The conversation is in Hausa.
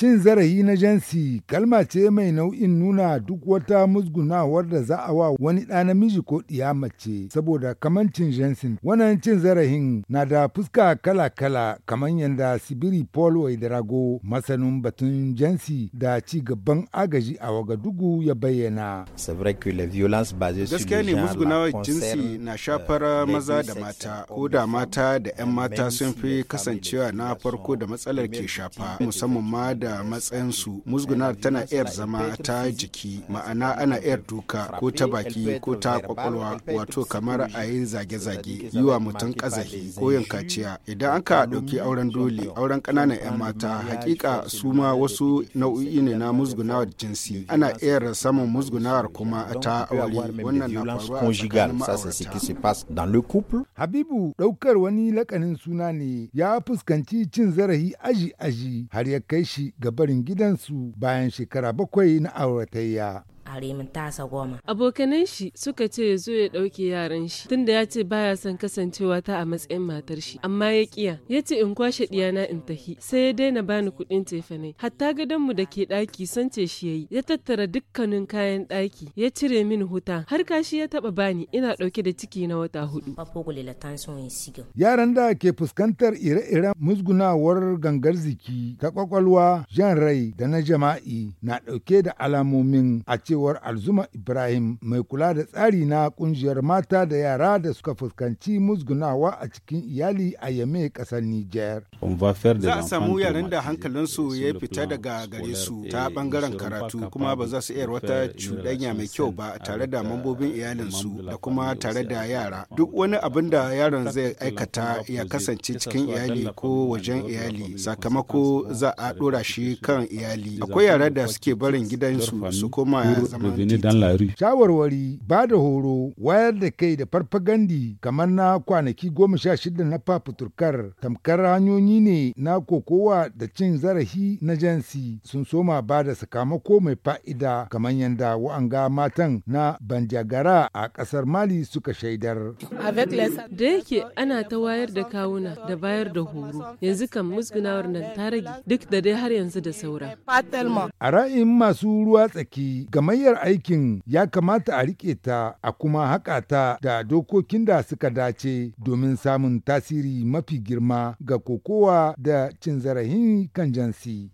Cin zarahi na jinsi kalma ce mai nau'in nuna duk wata musgunawar da za a wa wani ɗa namiji ko ɗiya mace saboda kamancin jinsin. Wannan cin zarafin na da fuska kala-kala kamar yadda Sibiri Paul Waidrago masanin batun jinsi da ci gaban agaji a Wagadugu ya bayyana. Gaskiya ne musgunawar jinsi na euh, shafar maza da mata ko da mata da 'yan mata sun fi kasancewa na farko da matsalar ke shafa musamman ma da da matsayinsu musgunar tana iya zama ta jiki ma'ana ana iya duka ko ta baki ko ta kwakwalwa wato kamar a yi zage-zage yi wa mutum kazahi ko yin kaciya idan aka ɗauki auren dole auren ƙananan 'yan mata hakika su ma wasu nau'i ne na musgunawar jinsi ana iya samun musgunawar kuma ta aure wannan na faruwa habibu ɗaukar wani lakanin suna ne ya fuskanci cin zarafi aji-aji har ya kai shi ga barin gidansu bayan shekara bakwai na auratayya. a remin tasa goma. Abokanan shi suka ce ya zo ya ɗauke yaran shi tunda ya ce baya son kasancewa ta a matsayin matar shi amma ya kiya ya ce in kwashe ɗiyana in tahi sai ya daina bani kuɗin cefane hatta gadon mu da ke ɗaki son ce shi ya yi. ya tattara dukkanin kayan ɗaki ya cire min huta har kashi ya taɓa bani ina ɗauke da ciki na wata hudu. Yaran da ke fuskantar ire-iren musgunawar gangar ziki ta kwakwalwa jan rai da na jama'i na ɗauke da alamomin a cewa cewar Alzuma Ibrahim mai kula da tsari na kungiyar mata da yara da suka fuskanci musgunawa a cikin iyali a Yame kasar Nijar. Za a samu yaran da hankalinsu ya fita daga gare su ta bangaren karatu kuma ba za su iya wata cuɗanya mai kyau ba tare da mambobin iyalinsu da kuma tare da yara. Duk wani abin da yaron zai aikata ya kasance cikin iyali ko wajen iyali sakamako za a ɗora shi kan iyali. Akwai yara da suke barin gidansu su koma dan lari. Shawarwari, ba da horo, wayar da kai da farfagandi kamar na kwanaki goma sha shida na fafuturkar tamkar hanyoyi ne na kokowa da cin zarafi na jansi sun soma ba da sakamako mai fa'ida kamar yadda wa'anga matan na Banjagara a ƙasar Mali suka shaidar. Da yake ana ta wayar da kawuna da bayar da horo, yanzu kan musgunawar nan ta rage duk da dai har yanzu da saura. A ra'ayin masu ruwa tsaki game hanyar aikin ya kamata a riƙe ta a kuma haƙa ta da dokokin da suka dace domin samun tasiri mafi girma ga kokowa da cin zarahin kan jansi.